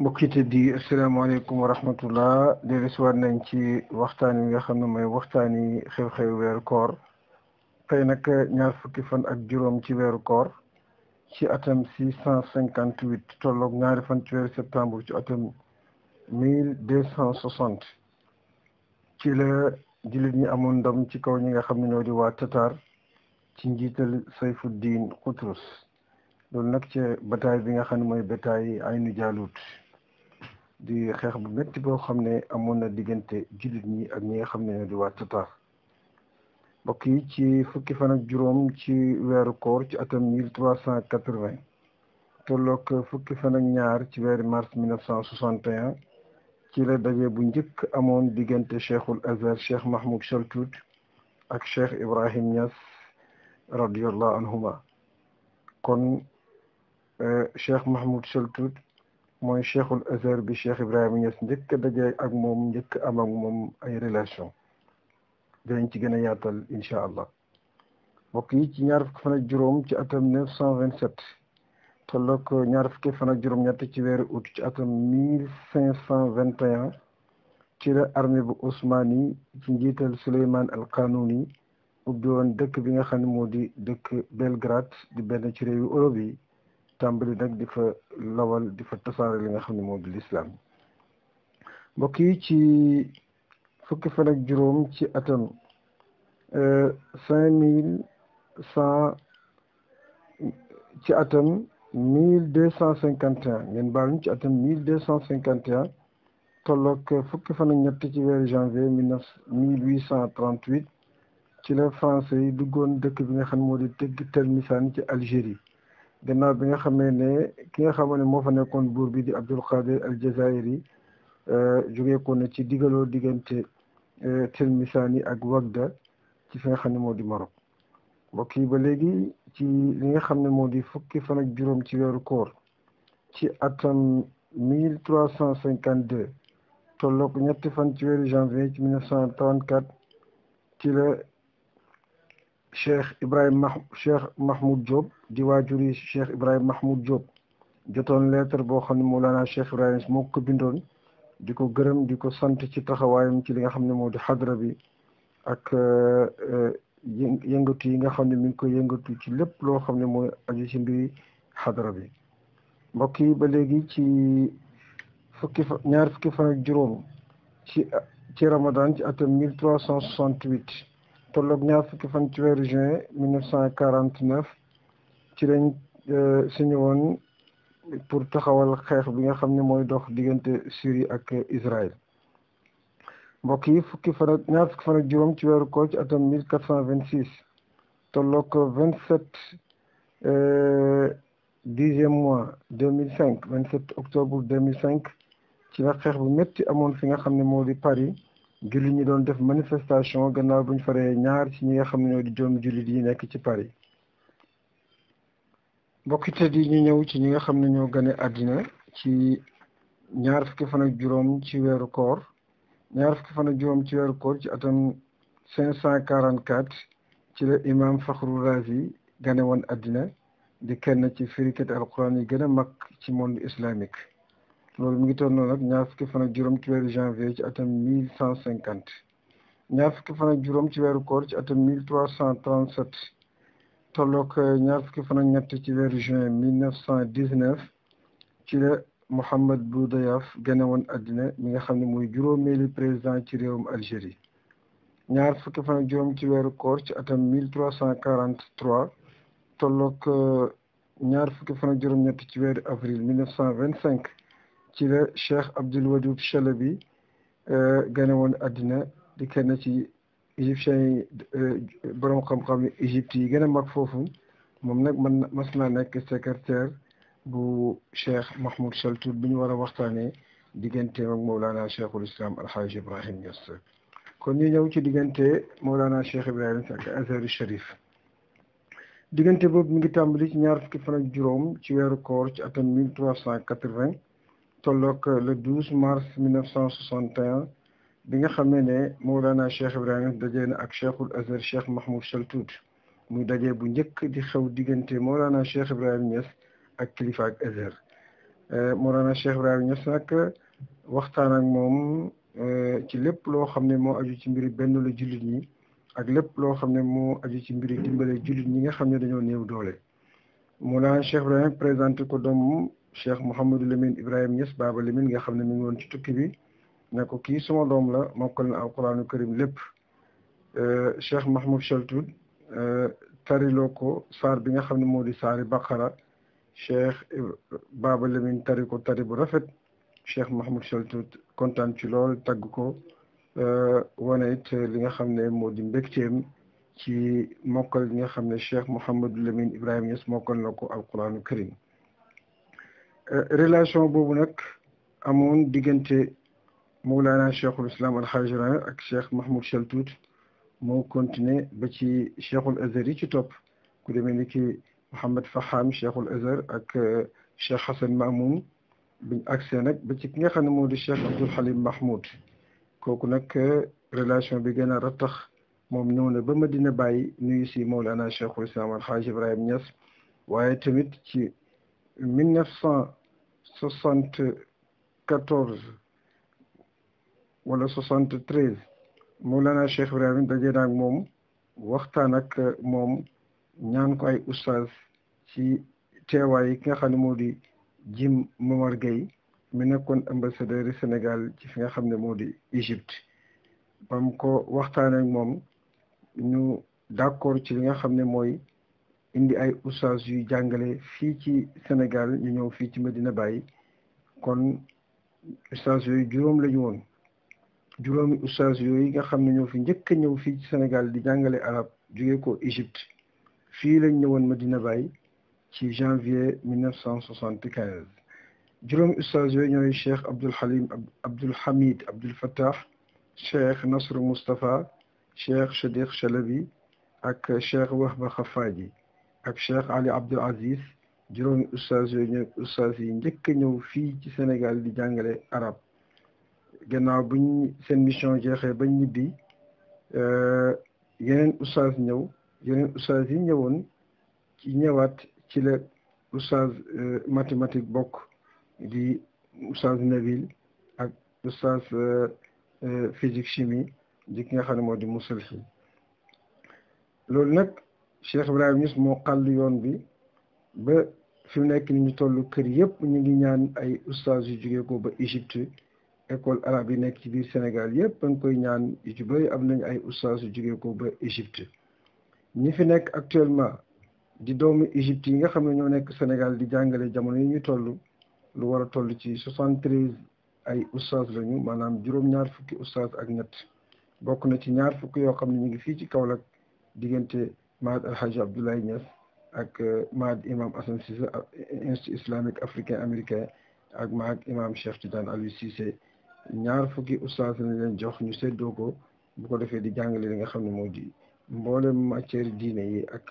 mbokkite di asalaamaaleykum wa rahmatullah dellusiwaat nañ ci waxtaan wi nga xam ne mooy waxtaan yi xew-xew weeru koor tey nag ñaar fukki fan ak juróom ci weeru koor ci atam six cent cinquante huit ñaari fan ci weeru septembre ci atam mille deux cent soixante ci la jullit ñi amoon ndam ci kaw ñi nga xam ne ñoo di waa Tatar ci njiital Sayfuddin Qutrus loolu nag ci bataay bi nga xam ne mooy bataay Aynu Jaalut di xeex bu metti boo xam ne amoon na diggante jullit ñi ak ñi nga xam ne di waa Tatar mbokk yi ci fukki fan ak juróom ci weeru koor ci atum mille cent quatre-vingt tolloog fukki fan ak ñaar ci weeri mars mille neuf ci la daje bu njëkk amoon diggante cheikhul azhar cheikh Mahmoud Chaltout ak cheikh Ibrahim Niass radiyallahu anhuma kon eh, cheikh Mahmoud Chaltout mooy cheikhul azhar bi cheikh Ibrahima Niass njëkk a dajee ak moom njëkk am ak moom ay relation dinañ ci gën a yaatal incha allah mbokk yi ci ñaar fukki fan juróom ci atam neuf cent vingt sept tolloog ñaar fukki fan ci weeru août ci atam mille cinq cent vingt et ci la armée bu Ousmani ci njiital Souleymane al Qanouni ubbi dëkk bi nga xam ne moo di dëkk Belgrade di benn ci réewu Europe yi. tàmbali nag di fa lawal di fa tasaare li nga xam ne moom di lislaam mbokk yi ci fukki fan ak juróom ci atam euh, cinq mille cent ci atam mille deux cent cinquante et un ngeen baal ci atam mille deux cent cinquante et un tolloog fukki fan ak ñett ci weeru janvier mille ci la français duggoon dëkk bi nga xam moo di tëgg Termisane ci Algérie gannaaw bi nga xamee ne ki nga xam ne moo fa nekkoon buur bi di Abdul Qadir al Jazairi euh, jógeekoon na ci digaloo diggante euh, Tilmisaan yi ak Wagda ci fi nga xam ne moo di Maroc mbokk ba léegi ci li nga xam ne moo di fukki fan ak juróom ci weeru koor ci atam mille trois cent cinquante deux tolloog ñetti fan ci weeru janvier ci mille neuf cent trente quatre ci cheikh Ibrahim Mah cheikh Mahmoud Diop di waajuri cheikh Ibrahim Mahmoud Diop jotoon lettre boo xam ne moo laana cheikh Ibrahim moo ko bindoon di ko gërëm di ko sant ci taxawaayam ci li nga xam ne moo di xadra bi ak euh, euh, yëngatu yi nga xam ne mi ngi koy yëngatu ci lépp loo xam ne mooy aju ci mbiri xadra yi ba léegi ci fukki ñaar fukki fan juróom ci ci ramadan ci atam mille trois cent soixante-huit tolloog ñaar fukki fan ci weeru juin mille neuf cent quarante ci lañ euh, suñu woon pour taxawal xeex bi nga xam ni mooy dox diggante Syrie ak Israël mbokk yi fukki fan ak ñaar fukki fan ak juróom ci weeru koor ci atam mille quatre cent vingt six tolloog vingt sept euh, dixième mois deux mille cinq vingt sept octobre de mille cinq ci la xeex bu métti amoon fi nga xam ne moo di Paris ngir jullit ñi doon def manifestation gannaaw buñ faree ñaar ci ñi nga xam ne ñoo di doomu jullit yi nekk ci Paris mbokkite yi ñu ñëw ci ñi nga xam ne ñoo gane àddina ci ñaar fukki fan ak juróom ci weeru koor ñaar fukki fan juróom ci weeru koor ci atam cinq cent quarante ci la imam Fakhru Razi gane woon àddina di kenn ci firikat alquran yi gën a mag ci monde islamique loolu mu ngi tolloon nag ñaar fukki fan ak juróom ci weeru janvier ci atam mille cent cinquante ñaar fukki fan juróom ci weeru koor ci atam mille trois cent trente sept euh, ñaar fukki fan ñett ci weeru juin mille neuf cent dix neuf ci la Mouhamed Boudiaf gane woon àddina mi nga xam ne mooy juróomeeli président ci réewum Algérie ñaar fukki juróom ci weeru koor ci atam mille trois cent quarante trois tolloog euh, ñaar fukki fan ak juróom-ñett ci weeru avril mille vingt cinq ci la Cheikh Abdul Wadud Chalabi euh, gane woon àddina di kenn ci égyptiens yi euh, borom xam-xam yi yi gën a foofu moom nag man mas naa nekk secrétaire bu Cheikh Mahmoud Chaltour bi ñu war a waxtaanee diggante ak Mawlana Cheikhul Islam Alhaaj Ibrahim Niass kon ñu ñëw ci diggante Mawlana Cheikh Ibrahim ak Azhar Sharif diggante boobu mu ngi tàmbali ci ñaar fukki fan ak juróom ci weeru koor ci atam mille trois cent quatre-vingt tolloog euh, le 12 mars 1961 bi nga xam ne ne moo Mawlana Cheikh Ibrahima dajee na ak Cheikhul Azhar Cheikh Mahmoud Chaltout muy daje bu njëkk di xew diggante Mawlana Cheikh Ibrahima Niass ak kilifa ak Azhar euh, Mawlana Cheikh Ibrahima Niass nag waxtaan ak moom euh, ci lépp loo xam ne moo aju ci mbiri benn la jullit ñi ak lépp loo xam ne moo aju ci mbiri dimbale jullit ñi nga xam ne dañoo néew doole Mawlana Cheikh Ibrahima présenté ko doom cheikh Mouhamadou Lamine Ibrahima Niass Baba Lamine nga xam ne mi ngi woon ci tukki bi ne ko kii suma doom la mokkal na alquraanu karim lépp euh, cheikh Mahmoud Chaltout euh, tariloo ko saar bi nga xam ne moo di saari baqara cheikh euh, Baba Lamine tari ko tari bu rafet cheikh Mahmoud Chaltout kontaan ci lool tagg ko wane it li nga xam ne moo di mbégteem ci mokkal li nga xam ne cheikh Mouhamadou Lamine Ibrahima Niass mokkal na ko alquraanu karim Euh, relation boobu nag amoon diggante Mawlana cheikhul islam alxaaj ak cheikh Mahmoud Chaltout moo continué ba ci cheikhul Azhar yi ci topp ku demee ni ki Mouhamed Faham cheikhul Azhar ak euh, cheikh Hassan Mamoun biñ agsee nag ba ci ki nga xam ne moo di cheikh Abdoul Halim Mahmoud kooku nag euh, relation bi gën a rattax moom ñëw na ba Madina Baye nuyu si Mawlana cheikhul islam alxaaj Ibrahim Niass waaye tamit ci mille neuf soixante quatorze wala soixante treize Mawlana Cheikh Ibrahim dajee naag moom waxtaan ak euh, moom ñaan ko ay oustaz ci teewaay yi nga xam ne moo di Jim Momar Gueye mi nekkoon ambassadeur yi Sénégal ci fi nga xam ne moo di Égypte bam ko waxtaan ak moom ñu d'accord ci li nga xam ne mooy indi ay oustaz yuy jàngale fii ci Sénégal ñu ñëw fii ci madina Baye kon oustaz yooyu juróom lañu ñu woon juróomi oustaz yooyu nga xam ne ñoo fi njëkk a ñëw fii ci Sénégal di jàngale arab jóge ko Égypte fii lañ ñëwoon Medina Baye ci janvier 1975 juróomi oustaz yooyu ñooy Cheikh Abdoul Halim Abdoul Hamid Abdoul Fattah Cheikh Nasr Moustapha Cheikh Chadiq Chalabi ak Cheikh Wahba Khafaji ak Cheikh Ali Abdoul Aziz juróomi ustaas njëkk a ñëw fii ci Sénégal di jàngale arab gannaaw buñ seen mission jeexee bañ ñibbi euh, yeneen ustaas ñëw yeneen ustaas yi ci ñëwaat ci la ustaas euh, mathématique bokk di ustaas Nabil ak ustaas euh, physique chimie di ki nga xam ne moo di musalxi loolu nag Cheikh Ibrahima Niass moo xàll yoon bi ba fi mu nekk ni ñu toll kër yëpp ñu ngi ñaan ay ustaas yu jógee ko ba Égypte école arabe yi nekk ci biir Sénégal yëpp ba nga koy ñaan yu ci am nañ ay ustaas yu jógee ko ba Égypte ñi fi nekk actuellement di doomu Égypte yi nga xam ne ñoo nekk Sénégal di jàngale jamono yi ñu toll lu war a toll ci soixante treize ay ustaas lañu maanaam juróom-ñaar fukki ustaas ak ñett bokk na ci ñaar fukki yoo xam ne ñu ngi fii ci Kaolack diggante Mahad El Hadj Abdoulaye Niass ak euh, Mahad Imam Assane Cissé institut islamique africain américain ak Mahad imaam Cheikh Tidiane Aliou Cissé ñaar fukki ustaas lañ leen jox ñu séddoo ko bu ko defee di jàngale li nga xam ne moo di mboolem matière diine yi ak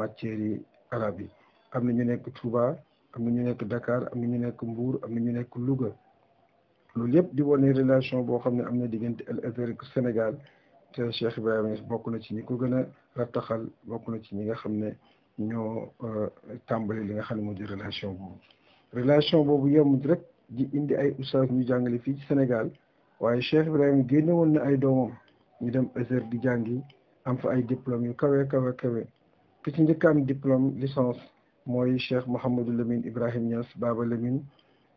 matière yi arab yi am na ñu nekk Touba am na ñu nekk Dakar am na ñu nekk Mbour am na ñu nekk Louga loolu yëpp di wane relation boo xam ne am na diggante El Azhar Sénégal. te Cheikh Ibrahima Niass bokk na ci ñi ko gën a rattaxal bokk na ci ñi nga xam ne ñoo euh, tàmbali li nga xam ne moo di relation boobu relation boobu yemut rek di indi ay oustaz ñu jàngale fii ci Sénégal waaye Cheikh Ibrahima génne woon na ay doomam ñu dem Azhar di jàngi am fa ay diplôme yu kawe kawe kawe ki ci njëkk am diplôme licence mooy Cheikh Mouhamadou Lamine Ibrahim Niass Baba Lamine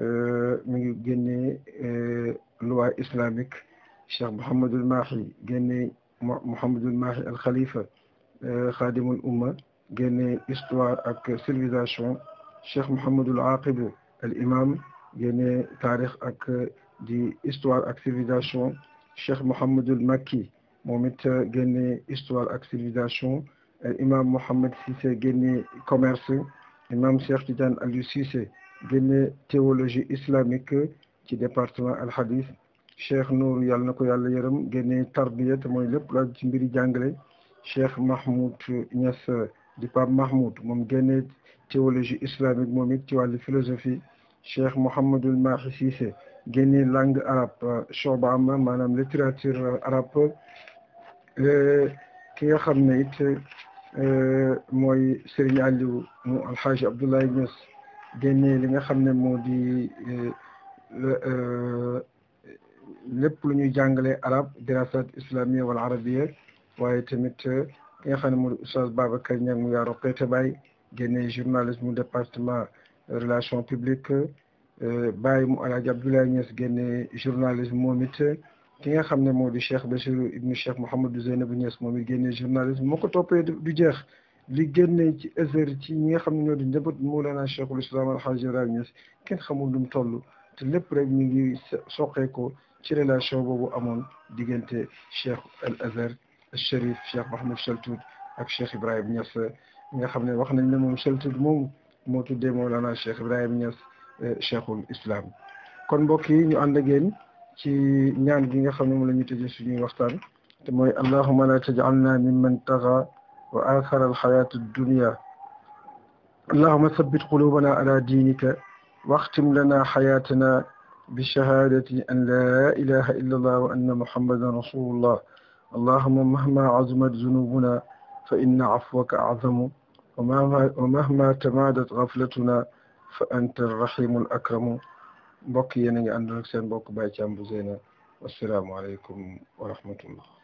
euh, mu ngi génnee euh, loi islamique cheikh Mouhamadul Mahi génne Mouhamadul Mahi al Khalifa xaadimul euh, umma génne histoire ak civilisation cheikh Mouhamadul Aqib al imam génne taarix ak euh, di histoire ak civilisation cheikh Mouhamadul Makki moom it euh, génne histoire ak civilisation imam Mouhamed Cissé génne commerce imam cheikh Tidiane Aliou Cissé génne théologie islamique ci département al hadith cheikh Nour yàlla na ko yàlla yërëm génne tarbiya te mooy lépp laaj ci mbiri jàngale cheikh Mahmoud Niass di Pape Mahmoud moom génne théologie islamique moom it ci wàllu philosophie cheikh Mouhamadul Mahi Cissé génne langue arabe shoba am maanaam littérature arabe euh, ki nga xam ne it euh, mooy Serigne Aliou mu Alhaji Abdoulaye Niass li nga xam lépp lu ñuy jàngale arab dirasat islamia wal arabia waaye tamit eh, ki nga xam ne mooy oustaz Babacar Niang mu yaaro Pété Baye génne département eh, relation publique eh, Baye mu Alaaji Abdoulaye Niass génne journalisme moom it ki nga xam ne moo di Cheikh Bachirou ibnu Cheikh Mouhamadou Zeynabou Niass moom it génne journalisme moo ko toppee du jeex li génne ci heure ci ñi nga xam ne ñoo di njaboot Mawlana Cheikhul Islam Alhaji Ibrahima Niass kenn xamul lu mu toll te lépp ko ci relation boobu amoon diggante Cheikh El Azhar Cherif Cheikh Mohamed Chaltout ak Cheikh Ibrahim Niass nga xam ne wax nañ ne moom Chaltout moom moo tuddee Mawlana Cheikh Ibrahim Niass eh, Cheikhul Islam kon mbokk yi ñu ànd ak yéen ci ñaan gi nga xam ne moom la ñu tëjee suñuy waxtaan te mooy allahuma la tajalna mimman taxa wa aathara alxayaatu dunia allahuma sabbit qulubana ala diinika waxtim lana xayaatana بشهادة أن لا إله إلا الله وأن محمدا رسول الله اللهم مهما عظمت ذنوبنا فإن عفوك أعظم ومهما تمادت غفلتنا فأنت الرحيم الأكرم mbokk yéen a ngi àndoon ak seen mbokk Baye Thiam bu Zeyna wassalaamu aleykum wa rahmatullah